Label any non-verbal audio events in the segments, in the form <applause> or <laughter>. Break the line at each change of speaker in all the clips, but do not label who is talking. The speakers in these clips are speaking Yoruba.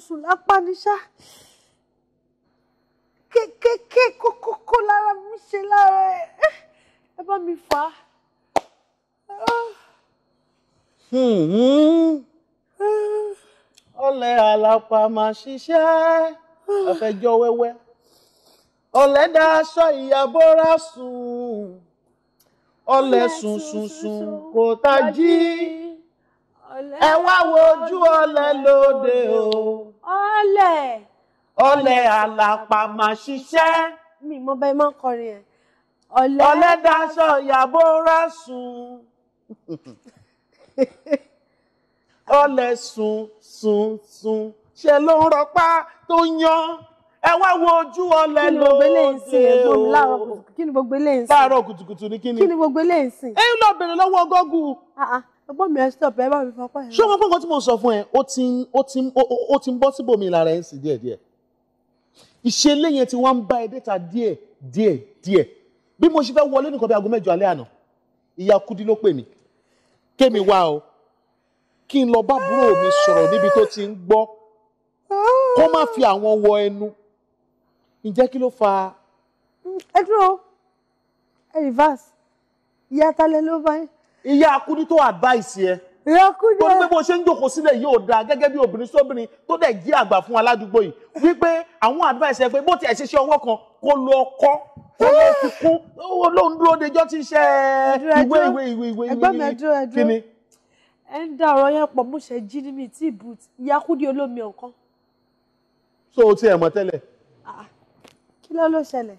sùn lápá ni ṣá kékeré kókókó lára mi ṣe lára ẹ ẹ bá mi fà á.
ọ̀lẹ àlàpà máa ṣiṣẹ́ àfẹjọ́ wẹ́wẹ́ ọ̀lẹ dá aṣọ ìyàbọ̀ra sùn ọ̀lẹ sùn sùn sùn kò tá ẹ wá wo ojú lóde o ọ̀lẹ̀. ọ̀lẹ̀ àlàpà mà ṣiṣẹ́.
mi mo bẹ mọ kọrin ẹ. ọ̀lẹ̀ ọ̀lẹ̀ daṣọ ìyàbọ̀ rà sùn.
ọ̀lẹ̀ sùn sùn sùn ṣe ló ń rọpá tó yan ẹ wá wo ojú ọ̀lẹ lóde o kí ni gbogbo eléyìí ń sìn láàárọ̀ kùtùkùtù ni kí ni. gbogbo eléyìí sìn. ẹ ń lọ bèrè lọ́wọ́ gọ́gù. Ah, ah ẹgbọ́n mi ẹ stop ẹ bá mi fọpá ẹ. ṣé o mọ pé nǹkan tí mo sọ fún ẹ ó ti ó ti ó ti ń bọ́ síbòmí lára ẹ̀ ń sì díẹ̀díẹ̀ ìṣẹ̀lẹ̀ yẹn ti wá ń bá ẹ déta díẹ̀ díẹ̀ díẹ̀ bí mo ṣe fẹ́ wọlé nìkan bí aago mẹ́jọ alẹ́ àná ìyá kudi ló pè mí kémi wá o kí n lọ bá búrò mi sọ̀rọ̀ níbi tó ti ń gbọ́ kó má fi àwọn wọ ẹnu ǹjẹ́ kí ló fa. ẹ dúró ẹ rìvásì ìyá talẹ ló bá ìyá akúdí tó advice yẹ tó ní pé bó ṣe ń jòkó sílẹ̀ yóò da gẹ́gẹ́ bí obìnrin sóbìnrin tó dẹ̀ jí àgbà fún aládùúgbò yìí wípé àwọn advice ẹ pé bó tiẹ̀ ṣe ṣe ọwọ́ kan kó lọ kọ́ kó lọ fi kún olóhùn dúró dejọ́ ti ṣe ìwé ìwé ìwé ìwé ìwé
kí ni. ẹ ń dá ọ̀rọ̀ yẹn pọ̀ mú ṣe jí ní mi tí ìbú ìyá kúdí olómi ọ̀kan.
so o ti ẹ̀ mọ̀ tẹ́lẹ̀. Ah,
kí ló ló ṣẹlẹ̀.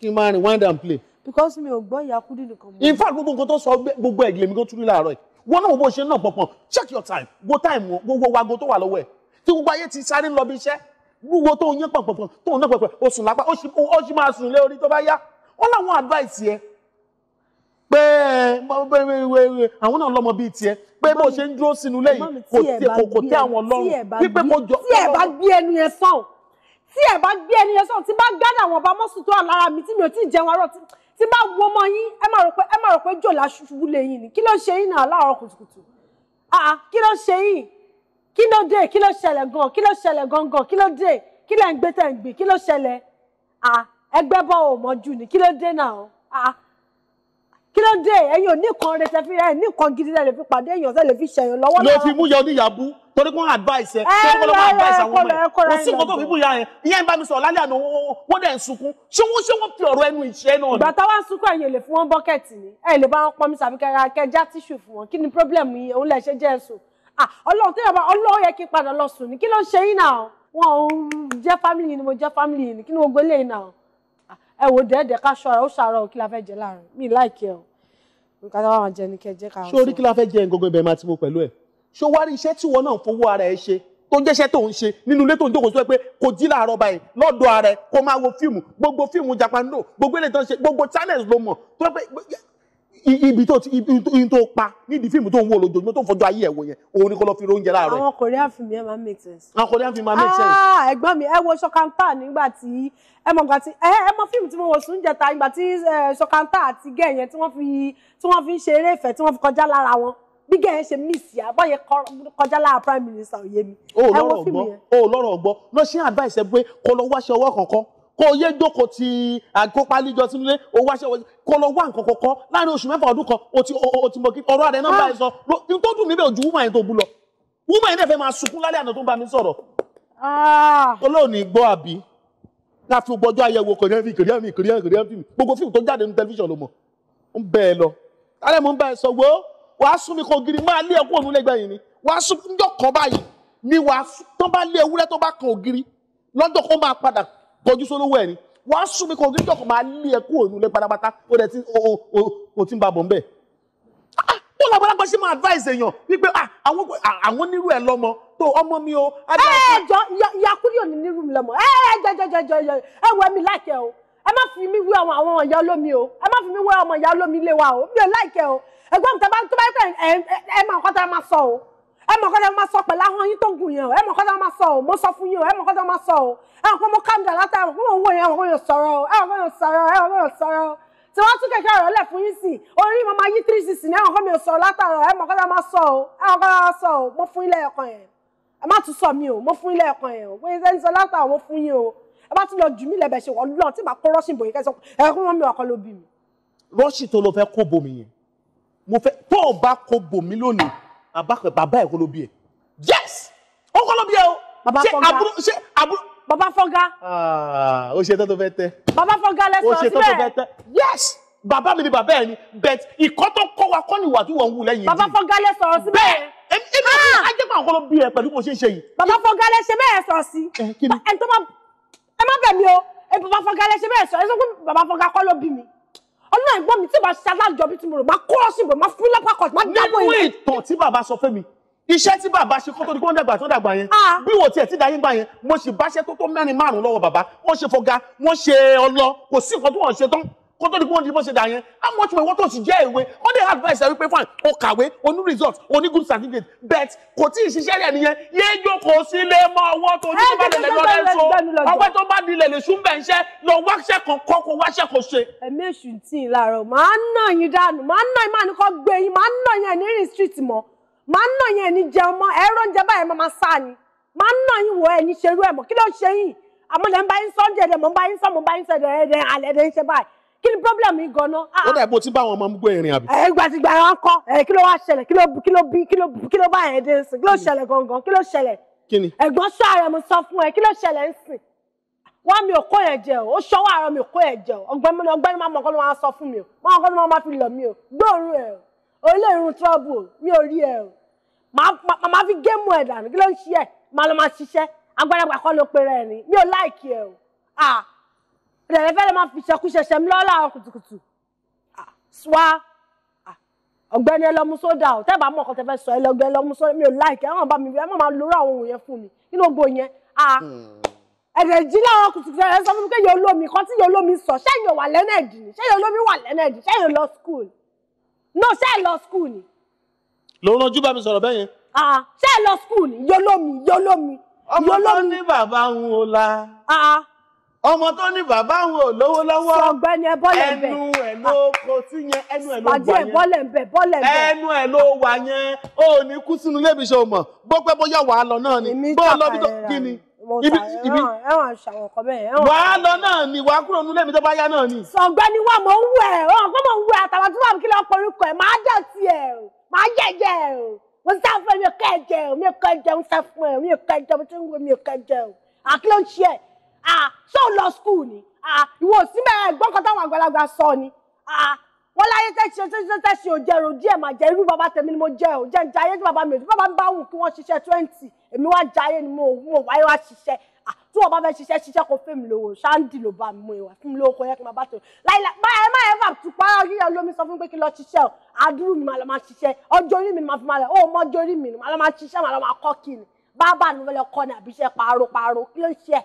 kí n máa rìn wind and play
because mi ò gbọ́ ìyá kúdí nìkan
mọ́. in fact gbogbo nǹkan tó sọ gbogbo ẹ̀ lèmi kan tún ní láàárọ̀ yìí wọn náà wo bó ṣe náà pọ̀pọ̀n check your time wo time wọn gbogbo wago tó wà lọ́wọ́ ẹ̀ tí gbogbo ayé ti sáré lọ bí iṣẹ́ gbogbo tó ń yán pọ̀npọ̀n tó ń ná pọ̀pọ̀ o sùn lápá o sì máa sùn lé orí tó bá yá wọn láwọn advice yẹ pé àwọn náà lọmọ bíi tiẹ̀ pé bó ṣe ń dúró sínú lẹ́yìn kò tẹ́ àwọn lọ́rùn pípé kò jọ. tí ẹ bá gbé ẹnu yẹn sàn tí ẹ bá gbé ẹnu yẹn sàn tí bá gbádùn
àwọn ọba mọ́sùn tó wà lára mi tí mi ò tí ì jẹun arọ tí ba wo ọmọ yín ẹ má rò pé ẹ má rò pé jòlá ṣubú lẹ́yìn ni kí ló ṣe yín náà láàárọ̀ kùtùkùtù àà ah, ah, kí ló ṣe yín kí ló dé kí ló ṣẹlẹ̀ gan kí ló ṣẹlẹ̀ gangan kí ló dé kí lẹ ń gbé tẹ̀ ń gbé kí ló ṣẹlẹ̀ à ah, ẹgbẹ́ bọ́ ò mọ́jú ni kí ló dé náà à kí ló dé ẹ̀yin ò ní kan retẹ fi ẹ ní kan gidi lẹ fi pàdé èèyàn sẹ lè fi ṣẹyàn lọ́wọ́ náà. ló fi mú yọ
oníyàbú torí kí advice ẹ torí kí advice àwọn ọmọ ẹ kò sí nǹkan tó fi mú ya yẹn ìyá ń bá mi sọ lálẹ́ àná wọ́n dẹ̀ ń sunkún ṣé wọ́n ṣé wọ́n fi ọ̀rọ̀ ẹnu ìṣe náà. ìgbà táwa ń sunkún ẹ̀yin lè fún wọn bọ́kẹ̀tì ni ẹ lè bá wọn pọnmi
sàbí kẹra kẹjá tíṣù fún wọn kí ni problem yìí òun lẹ ṣe jẹ́ ẹ̀sùn ọlọ́run tó yẹ bá yẹ kí padà lọ sùn ni kí ló ń ṣe yín náà wọn ò family ni mo jẹ́ family ni kí ni mo gbélé yín náà ẹ wò dẹ́ẹ̀dẹ́ ká ṣọ́ra ó ṣàárọ̀ kí la fẹ́ jẹ láàrin mi láìkẹ́ o nǹkan tá
a máa jẹ ní kẹjẹ ká. ṣé orí kí la fẹ́ jẹ nǹkan ibẹ̀ máa ti mo pẹ̀lú ẹ̀ ṣó wá rí iṣẹ́ tí wọn náà fowó ara ẹ ṣe tó jẹ́ṣẹ́ tó ń ṣe nínú ilé tó ń jókòó sọ pé kò jí láàárọ̀ báyìí lọ́dọ̀ ara ẹ kó máa wo fíìmù gbogbo fíìmù japando gbogbo ilé tó ń ṣe gbogbo channels ló mọ̀ tó pé ibi tó ti ibi tó pa nídìí fíìmù tó ń wò lójoojúmọ́ tó ń fọjọ́ ayé ẹ̀ wò yẹn òun ni kó lọ fi oúnjẹ láàárọ̀. àwọn
Korean film yẹn máa ń make sense. àwọn Korean film máa ń make sense. ah ẹ̀gbọ́n mi ẹ wo ṣọkantà nígbà tí ẹ mọ̀ gbà tí ẹ ẹ mọ̀ fíìmù tí mo wò sùn jẹta nígbà tí ṣọkantà àti gẹ̀ yẹn tí wọ́n fi tí wọ́n fi ń ṣe eré ìfẹ́ tí wọ́n fi kọjá lára wọn bí gẹ̀ yẹn ṣe mísì àbọ̀yẹ kọjá lára prime minister òye
mi. o lọ́rọ̀ ọgbọ o lọ́rọ̀ ọgbọ lọ ṣe advice ẹ pé kó lọ wáṣẹ ọwọ́ kankan kó yé jókòó ti àkópa níjọ sínú ilé owó aṣẹ́wó kó lọ wá nǹkan kọ́kọ́ láàrin oṣù mẹ́fà ọdún kan o ti o ti mọ̀ kí ọ̀rọ̀ àdẹ náà bá ẹ ah. sọ n tó dùn mí bẹ́ẹ̀ ojú wúmọ̀ yẹn tó bú lọ wúmọ̀ yẹn dẹ̀ fẹ́ máa sunkún lálẹ́ àná tó ń bá mi sọ̀rọ̀. olóòní ah. gbọ́ àbí láti gbọ́jọ́ àyẹ̀wò kòríyàn fi kòríyàn fi kòríyàn kòríyàn gbogbo fíìmù tó jáde ní tẹlifíṣàn ló mọ̀ ń bẹ ẹ lọ alẹ́ mo ń bá ẹ sọ wo wàá sún mi kó giri máa lé ẹkú òun lẹ́gbẹ̀ẹ́ yìí ni wàá sún níjọ́ kan báyìí ni wàá tán bá lé ewúrẹ́ tó bá kan ògiri lọ́jọ́ kó máa padà kọjú sólówó ẹ̀ ni wàá sún mi kọ ojú ìjọkọ̀ máa lé ẹ kúrò nílé pátápátá ó dẹ̀ tí o ti ń ba bọ̀ ń bẹ̀. Ah, bó la balaba ṣe máa advice èèyàn wípé ah, àwọn onírú ẹ lọmọ tó ọmọ mi o. ẹ ẹ jọ yakuri òní nírú mi lọmọ ẹ ẹ jọ jọ jọ jọ ẹ wọ mi láìkẹ
o ẹ má fi mi wé àwọn àwọn ìyá olómi o ẹ má fi mi wé ọmọ ìyá olómi ilé wa o mi ò láìkẹ o ẹ̀gbọ́n mi tẹ bá tó bá yẹ pé ẹ máa kọ́ máa sọ o ẹ mọ̀ kọ́ dáa máa sọ pẹ̀lú àwọn yín tó gùn yẹn o ẹ mọ̀ kọ́ dáa máa sọ o mo sọ fún yín o ẹ mọ̀ kọ́ dáa máa sọ o ẹ mọ̀ kọ́ mo kàndà látà ẹ mọ̀ kọ́ mo wò yẹn ẹ mọ̀ kọ́ yóò sọ̀rọ̀ o ẹ mọ̀ kọ́ yóò sọ̀rọ̀ ẹ mọ̀ kọ́ yóò sọ̀rọ̀ o tí wọ́n tún kẹ̀kẹ́ ọ̀rọ̀ lẹ̀ fún yín sí orí mo máa yí three sixty ní ẹ mọ̀ kọ́ mi ò sọ̀rọ̀ látà ẹ mọ̀ kọ́ dáa máa sọ o ẹ mọ̀ kọ́ dáa máa sọ o mo fún ilé ẹ̀kan yẹn ẹ má tún sọ mi o mo fún ilé ẹ̀kan yẹn o pé ẹ ń sọ látà o mo fún yín o ẹ bá tún lọ jù mí lẹ́bẹ̀ẹ́ ṣe wọ́n lọ́n
tí màá kó rọ́ṣìn bòyí kẹ́sọ́ ẹ kún wọn mi ọkọ ló bí mi. rọ́ṣì tó lọ fẹ́ kó bomi yẹn mo fẹ́ tó o bá kó bomi lónìí abakọ Baba, ẹ kọlọ ẹ yes ó kọlọ ẹ o ṣe àbúrò ṣe àbúrò. Baba fọgá. Ah, ó ṣe tó tó fẹ́ tẹ. bàbá fọgá lẹ́sọ̀ síbẹ̀ ó ṣe tó fẹ́ tẹ yes Baba, mi ni Baba ẹ ni bet ìkọ́ tó kọ́ wa kọ́ ni ìwà tí wọ́n ń wù lẹ́yìn. bàbá fọgá lẹ́sọ̀ síbẹ̀. bẹ́ẹ̀ èmi náà á jẹ́ pé àwọn kọlọ bí ẹ pẹ̀lú bó ṣe ń ṣe yìí. bàbá fọgá lẹ́sẹ̀ bẹ́ẹ̀ sọ̀ sí. ẹ má bẹ̀ mi o bàbá fọgá lẹ́sẹ̀ bẹ́ẹ̀ sọ̀ ẹ sọ pé bàbá fọgá kọ́ ló bí mi ọ̀nà ẹ̀gbọ́n mi tí bá ṣe alájọbí tí mo rò máa kó ọ sí ibò máa fún lápá kọ̀ọ̀tù máa dábò yẹn. nínú ìtàn tí bàbá sọ fún mi iṣẹ́ tí bàbá ṣe kó tó di kó ń dàgbà tó dàgbà yẹn ah. bí wò tiẹ̀ tí dayé gbà yẹn mo sì báṣẹ́ tó tó mẹ́rin márùn-ún lọ́wọ́ bàbá wọ́n ṣe fọga wọ́n ṣe ọlọ kò sí nǹkan tó wọ́n ṣe tán kó tó di pé wọ́n di bó ṣe dà yẹn how much money wọ́n tó sì jẹ́ ìwé ó dé advice ẹ̀ wípé fine o kàwé o ní result o ní good certificate bet kò tí ì ṣiṣẹ́ rẹ̀ nìyẹn yéé jókòó sílé mọ́ ọwọ́ tó ní tó bá lẹ̀ lọ́dẹ̀ ń so ọgbẹ́ tó bá dilẹ̀ lè sún bẹ́ẹ̀ ṣẹ́ lọ
wáṣẹ́ kan kọ́ kó wáṣẹ́ kan ṣe. ẹ̀mí èṣù tí ì láàárọ̀ máa ń nà yín dànù máa ń nà yín máa ní kọ́ gbé yín máa ń nà yín ẹ̀ ní rìn street mọ́ máa ń nà yín ẹ̀ ní jẹun mọ́ ẹ̀rọ oúnjẹ báyẹn máa sá ni máa ń nà yín wọ ẹ̀ ní ṣerú ẹ̀ mọ́ kí ló ṣe yín àmọ́ lẹ́ ń bá yín sọ́ọ́ dẹ̀dẹ̀ mọ́ ń bá yín sọ́ọ́ mọ́ ń bá yín sọ́ọ́ dẹ̀dẹ̀ alẹ́ dẹ̀ ń ṣe báyìí kí ni problem yìí gan-an. Ah, ó ah. dà bó
ti bá àwọn ọmọ mú gbé ìrìn àbí.
ẹ gbàtìgbà wọn kọ ẹ kí ló wá ṣẹlẹ̀ kí ló kí ló bí kí ló kí ló bá ẹ dé nsìn kí ló ṣẹlẹ̀ gangan kí ló ṣẹlẹ̀. kí ni. ẹ̀gbọ́n sọ ààrẹ mo sọ fún ẹ kí ló ṣẹlẹ̀ nsìn. wọn mi ò kó yẹn jẹ o ó ṣọwọ́ ààrẹ mi ò kó yẹn jẹ o ọ̀gbẹ́ni mi ọ̀gbẹ́ni máa mọ ọkọ ni wọn á sọ fún mi o máa ọkọ máa fi lọ mi o gbóòórùn ẹ o orílẹ̀ irun trọ́bù mi ò rí ẹ o màá ọ̀dẹ̀rẹ̀ fẹ́ lè máa fi ṣẹ̀kú ṣẹ̀ṣẹ̀ mi lọ́la kùtùkùtù wá ọ̀gbẹ́ni ẹlọ́mú sódà ọ̀ tẹ́bà mọ̀ ọ̀kan tẹ́ fẹ́ sọ ẹlọ́gbẹ́ ẹlọ́mú sódà mi ò láìkẹ́ ẹ̀wọ̀n bá mi rí ẹ̀wọ̀n máa lórí àwọn òun yẹn fún mi nínú Ah. yẹn hmm. ẹ̀rẹ̀ jí láwọn kùtùkùtù ẹ̀rẹ̀ sọ so mi pé yóò lómi kan tí yóò So, sọ ṣẹ́yìn wà lẹ́nẹ̀dì ni ṣẹ́yìn olómi wà lẹ́nẹ̀dì ṣẹ́yìn lọ school. no
ṣẹ́yìn lọ skul ni. lòun ojú bá mi sọ̀rọ̀ bẹ́ẹ̀ yẹn. ṣẹ́yìn lọ skul ni yóò lómi yóò lómi. ọmọ bá ní bàbá ń wo la ọmọ tó ní bàbá àwọn olówó lọ́wọ́ ẹnu ẹ̀ ló kó sí yẹn ẹnu ẹ̀ ló wà yẹn ẹnu ẹ̀ ló wà yẹn ó ní kú sínú ilé ibiṣẹ́ òmọ̀ bó pẹ́ bóyá wàá lọ náà ni bó lọ bí tó kí ni ibi ibi
ẹwọn ṣàwọn kan bẹ́ẹ̀. wàá
lọ náà ni wàá kúrò nílé mi tó bá yá náà ni. sọ̀gbẹ́ni wà mọ̀ ń wẹ̀ ọ̀hún kó mọ̀ ń wẹ̀ àtàwọn tó wà kí lọ́ọ́ porúkọ ẹ̀ máa
jẹ́ tiẹ̀ máa jẹ́jẹ́ mo sá fún ẹ mi ò kẹ́ ẹ mi ò kẹ́ ẹ mo sá fún ẹ mi ò kẹ́ ẹ mo ti ń wo mi ò kẹ́ ẹ àkílọ̀ ń ṣe ẹ̀ So lọ skul ni ìwọ òsínbẹ̀ ẹ̀gbọ́n kan táwọn àgbàlagbà sọ ni wọ́n láyé tẹ́sí tẹ́sí ò jẹ́rò díẹ̀ máa jẹ́ irú bàbá tèmi ni mo jẹ́ ò jẹ́ ń jayé tí bàbá mi ò tí bàbá mi bá wù kí wọ́n ṣiṣẹ́ twenty èmi wá jayé ni mo mo wáyé wá ah, tí wọ́n bá fẹ́ ṣiṣẹ́ ṣiṣẹ́ kó fẹ́ mi lówó ṣáńdì ló bá mi mú ìwà fún mi lówó kó yẹ kí n máa bá tó láìláì báyà ẹ má ẹ fà tù pa yíyan lómi sọ fún pé kí n lọ ṣiṣẹ́ o àdúrú mi máa lọ máa ṣiṣẹ́ ọjọ́ orí mi máa fi máa lọ ó mọ ọjọ́ orí mi máa lọ máa ṣiṣẹ́ máa lọ máa kọ́ kí ni ni mo fẹ́ lọ kọ́ ni àbíṣẹ́ pààrọ̀ pààrọ̀ kí ló ṣe ẹ̀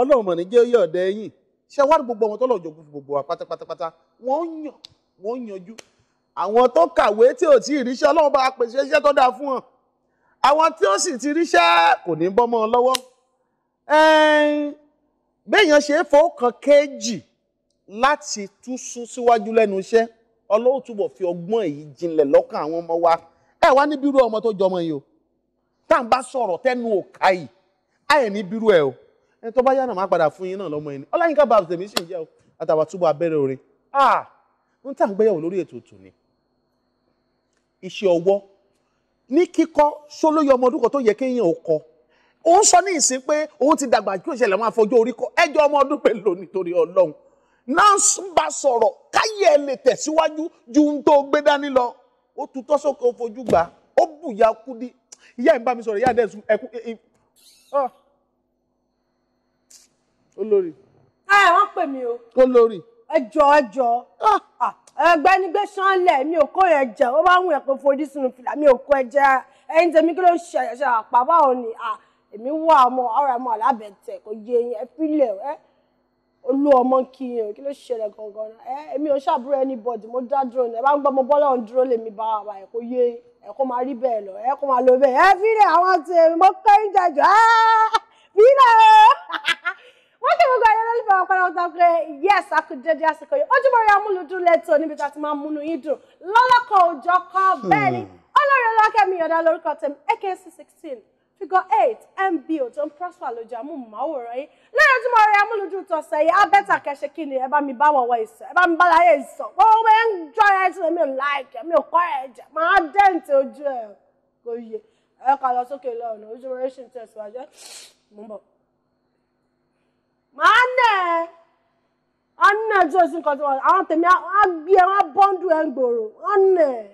ọlọ́run mọ̀ ní jẹ́ yọ̀ ọ̀dẹ yín ṣé wá gbogbo ọmọ tó lọ jogún fún gbogbo wa pátápátá wọ́n ń yàn wọ́n ń yanjú àwọn tó kàwé tí ò tí ì ríṣẹ́ ọlọ́run bá pèsè iṣẹ́ tó dáa fún wọn àwọn tí ó sì ti ríṣẹ́ kò ní bọ́mọ lọ́wọ́ béèyàn ṣe é fọwọ́ kan kéèjì láti tún sún síwájú lẹ́nu iṣẹ́ ọlọ́run túbọ̀ fi ọgbọ́n èyí jinlẹ̀ lọ́kàn àwọn ọmọ wa ẹ wá ní bírú ọmọ tó jọmọ yìí o tá sọ̀rọ̀ tẹ́nu ò ká yìí ní bírú ẹ o ẹni tó bá yá náà máa padà fún yín lọ́mọ ẹni ọláyínká babs èmi sì ń jẹ́ o àtàwà túbọ̀ abẹ́rẹ́ orin ah ń tà ń gbéyàwó lórí ètò tòní iṣẹ́ ọwọ́ ní kíkọ́ sólóyè ọmọ ọdún kan tó yẹ kéèyàn ó kọ́ ó ń sọ ní ìsín pé òun ti dàgbà kí òṣèlè máa fojú orí kọ ẹjọ́ ọmọ ọdún pẹ̀lú lónìí torí ọlọ́run náà ń bá sọ̀rọ̀ káyé lè tẹ̀síwájú ju ohun tó gbé dání lọ ó tutọ́ sókè fojú gbà ó bùyà kudi ìyá ẹ̀ ń bá mi sọ̀rọ̀ ìyá ẹ̀ dẹ̀ sùn ẹ̀kú olórí.
ẹ wọ́n pè mí o. olórí. ẹjọ ẹjọ ah. ah, ẹgbẹnigbẹ sanlẹ mi ò kó yẹn jẹ ó bá ń wẹ pé fojú sínú fìlà mi ò kó ẹ jẹ ẹyin tèmi kí ló ń ṣe ẹṣẹ àpá báwo ni ah, èmi wà ọmọ ọ̀rọ̀ ẹmọ alábẹtẹ kò yé yẹn ẹ pílẹ ẹ olú ọmọ kí yẹn kí ló ṣẹlẹ̀ gangan ẹ èmi ò ṣàbúrò anybody mo dá dúró ni ẹ bá ń gbọ́ mo bọ́lá òun dúró lèmi bá wa ẹ kò yé ẹ kó máa rí bẹ́ẹ̀ lọ ẹ kó máa lo bẹ́ẹ̀ ẹ fílẹ̀ àwọn tèmi mo kẹ́yìn jẹjọ ẹ fílẹ̀ o. <laughs> kí gbogbo ayé lọ́lùfẹ́ wọn padà wọ́n tán pé yes a kò dédé àsìkò yìí Ojúmọ́ Ire amúlùdún lẹ́tọ̀ níbi tá a ti máa múnú yín dùn lọ́lọ́kọ̀ òjọ́ kan hmm. bẹ́ẹ̀ ni ọlọ́run ọlọ́kẹ́mi ọ̀dà lórúkọ tẹ̀mí AKC sixteen figure eight mbo tó ń prosper lójú amóhùnmáwòrán right. lẹ́yìn Ojúmọ́ Ire amúlùdún tọ̀sẹ̀ I better kẹsẹ̀ kí ni ẹ bá mi bá wọn wọ ìsọ̀ ẹ bá mi bá láyé ìsọ̀ gbogbo ẹ ń jọ ẹ ti mi ò láìkẹ́ mi ò kọ́ ẹ jẹ máa dẹ́ǹtì ojú ẹ kò yẹ ẹ kà lọ sókè ma nẹ ẹ á nẹ ẹ tí a sì ń